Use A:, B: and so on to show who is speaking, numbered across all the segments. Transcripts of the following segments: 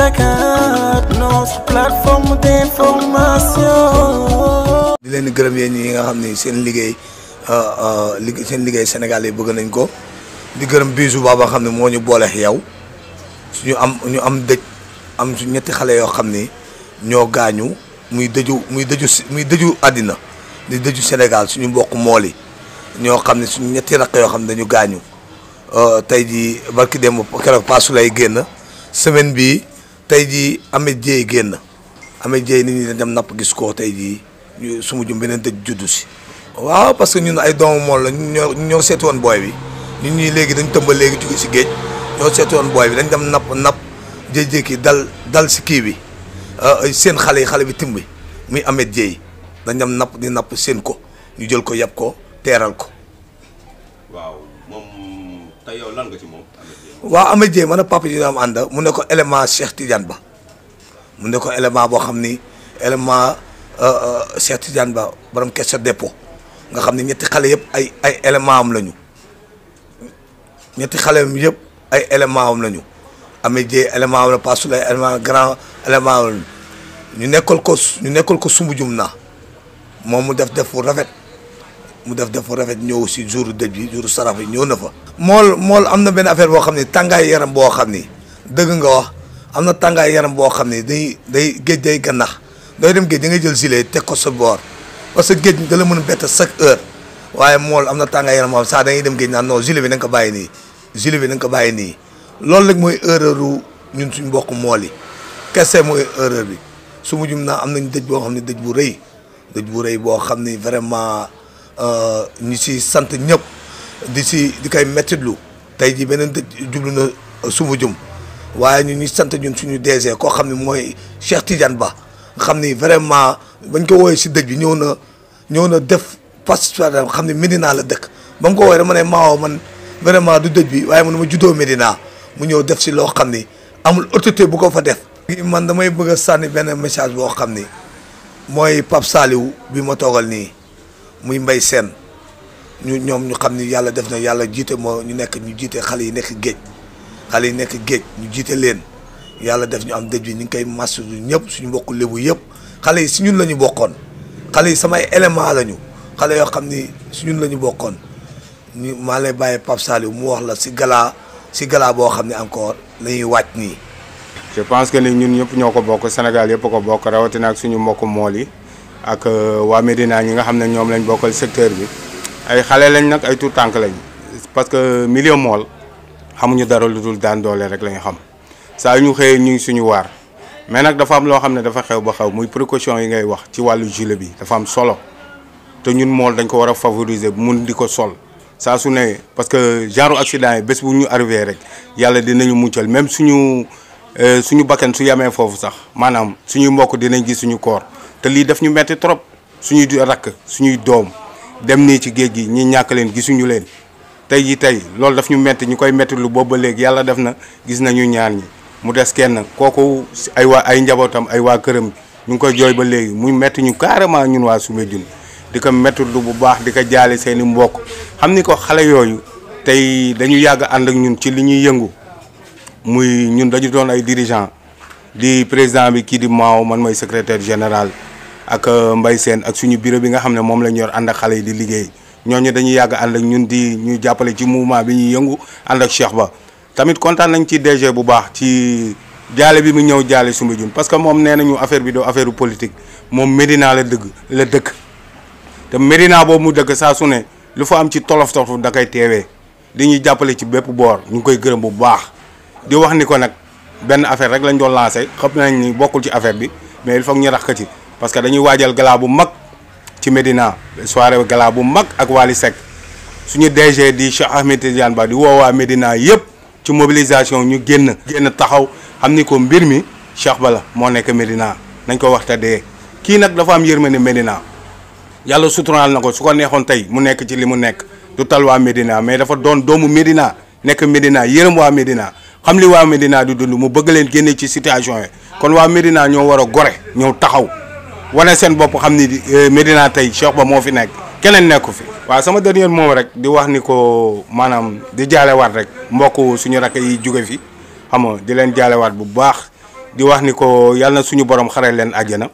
A: Dakar leen gërëm yéen ñi nga xam ni seen liggéey ah, ah, liggéey seen liggéey Sénégal yi bëgg nañ ko di gërëm biisu baaba xam ne moo ñu booleex yow suñu am ñu am dëj am su ñetti xale yoo xam ni ñoo gaañu muy dëju muy dëju muy dëju àddina di dëju Sénégal suñu mbokk mool yi ñoo xam ne su ñetti raq yoo xam ne dañu gaañu ah, tey jii barki démb keroog paasu lay génn semaine bii tey jii Ameth Dieye génn amee Dieye nit ñi dem napp gis koo tey jii ñu jum beneen dëj juddu si. waaw parce que ñun ay doomu mool la ñoo ñoo woon booy bi nit ñi léegi dañ tëmba léegi jóge si géej ñoo seetu woon booy bi dañ dem napp napp jékki-jékki dal dal si kii bi euh, seen xale yi xale bi timbi muy Ameth Dieye dañ dem napp di napp seen ko ñu jël ko yab ko teeral ko.
B: waaw moom tey yow lan nga ci moom
A: waaw am Dieng man ak papa ji ñu am ànd mu ne ko élément Cheikh Tidiane Ba mu ne ko élément boo xam ni élément euh, euh, Cheikh Tidiane Ba borom question dépôt nga xam ne ñetti xale yëpp ay ay élément am lañu ñetti xale yëpp ay élément am lañu Ama Dieng élément am la Passoulay élément grand élément am ñu nekkal ko ñu nekkal ko Soumbédioune naa moom mu def def rafet. mu def def rafet ñëw si jour dëj bi jour saraf bi ñëw na fa. mool mool am na benn affaire boo xam ne tàngaay yaram boo xam ni dëgg nga wax am na tàngaay yaram boo xam ne day day géej day gannax dooy dem géej da ngay jël gilet teg ko sa boor parce que géej da la mën a bett chaque heure waaye mool am na tàngaay yaram boo xam saa da ngay dem naan non gilet bi na nga ko bàyyi nii jule bi na nga ko bàyyi nii loolu rek mooy erreur ñun suñu mbokk mool yi kese mooy erreur bi su mujjum naa am nañ dëj boo xam ne dëj bu rëy dëj bu rëy boo xam ni vraiment. Euh, ñu si sant ñëpp di si di koy mettitlu tey ji beneen dëj jublu na euh, sumbu waaye ñu ñu sant ñun suñu DG koo xam ne mooy Cheikh Tidiane Ba xam ni vraiment bañ ko woowee si dëj bi ñëw na ñëw na def pastoral xam ne Médina la dëkk ba mu ko woowee dama ne maawo man vraiment du dëj bi waaye man ma juddoo Médina mu ñëw def si loo xam ni amul autorité bu ko fa def man damay bëgg sànni beneen message boo xam ni mooy Pape Saliou bi ma toogal nii muy mbay seen ñu ñoom ñu xam ni yàlla def na yàlla jiite moo ñu nekk ñu jiite xale yi nekk géej xale yi nekk géej ñu jiite leen yàlla def ñu am dëj bi ñu ngi koy masu ñëpp suñu mbokku lébu yëpp xale yi si ñun la ñu bokkoon xale yi samay élément la ñu xale yoo xam ni si la ñu bokkoon ñu maa lay bàyyi Pape Saliou mu wax la si galaa si galaa boo xam ne encore la ñuy wàcc
B: nii. je pense que ni ñun ñëpp ñoo ko bokk Sénégal yëpp ko bokk rawatina suñu mbokk mool yi. ak euh, waa Médina ñi nga xam ne ñoom lañ bokkal secteur bi ay xale lañ nag ay tout tànk lañ parce que million mool xamuñu dara lu dul daan doole rek lañu xam saa ñu xëyee ñu ngi suñu waar mais nag dafa am loo xam ne dafa xew ba xew muy précaution yi ngay wax ci wàllu gilet bi dafa am solo te ñun mool dañ ko war a favoriser mun di ko sol saa su ne parce que genre accident yi bés bu ñu arrivé rek yàlla dinañu muccal même suñu euh, suñu bakkan su yamee foofu sax maanaam suñu mbokk dinañ gis suñu koor te lii daf ñu metti trop suñuy rakk suñuy doom dem nii ci géej gi ñi ñàkk leen gisuñu leen tey ji tey loolu daf ñu metti ñu koy metti lu boobu ba léegi yàlla def na gis nañu ñaar ñi mu des kenn kooku ay waa ay njabootam ay waa këram ñu ngi koy jooy ba léegi mu metti ñu carrément ñun waa Soumbédioune di ko metti lu bu baax di ko jaale seeni mbokk xam ni ko xale yooyu tey dañu yàgg ànd ak ñun ci li ñuy yëngu muy ñun dañu doon ay dirigeant di président bi kii di Mao man mooy secrétaire général ak euh, mbay Sène ak suñu bureau bi nga xam ne moom la ñu yor ànd ak xale yi di liggéey ñooñu dañu yàgg ànd ak ñun di ñu jàppale ci mouvement bi ñuy yëngu ànd ak Cheikh Ba tamit kontaan nañ ci DG bu baax ci jaale bi mu ñëw jaale suma Soumbédioune parce que moom nee nañu affaire bi doo affaire politique moom Médina la dëgg la dëkk te Médina boobu mu dëkk saa su ne lu fa am ci tolof tolof da koy teewee di ñuy jàppale ci bépp boor ñu ngi koy gërëm bu baax di wax ni ko nag benn affaire rek lañ doon lancé xam nañ ni bokkul ci affaire bi mais il faut ñu rax ko parce que dañuy waajal gala bu mag ci Medina soirée gala bu mag ak Wally Seck suñu DG di Cheikh Ahmed Tidiane Ba di woowaa Medina yëpp ci mobilisation ñu génn génn taxaw xam ni ko mbir mi Cheikh Bala moo nekk Medina nañ ko wax te dee kii nag dafa am ni Medina yàlla suturaal na ko su ko neexoon tey mu nekk ci li mu nekk du waa Medina mais dafa doon doomu Medina nekk Medina yërëm waa Medina xam li waa Medina di dund mu bëgg leen génne ci situation yi kon waa Medina ñoo war a gore ñëw taxaw wane seen bopp xam ni euh, Médina tey Cheikh Ba moo fi nekk keneen nekku fi waa sama dernier moom rek di wax ni ko maanaam di jaalewaat rek mbokk suñu rakk yi jóge fi xam di leen jaalewaat bu baax di wax ni ko yàlla suñu borom xare leen àjjana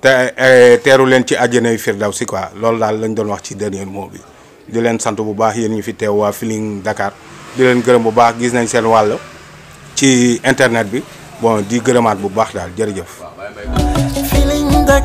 B: te eh, teeru leen ci àjjana yu daw si quoi loolu daal lañ doon wax ci dernier mot bi di leen sant bu baax yéen ñu fi teew waa Feeling Dakar di leen gërëm bu baax gis nañ seen wàll ci internet bi bon di gërëmaat bu baax daal jërëjëf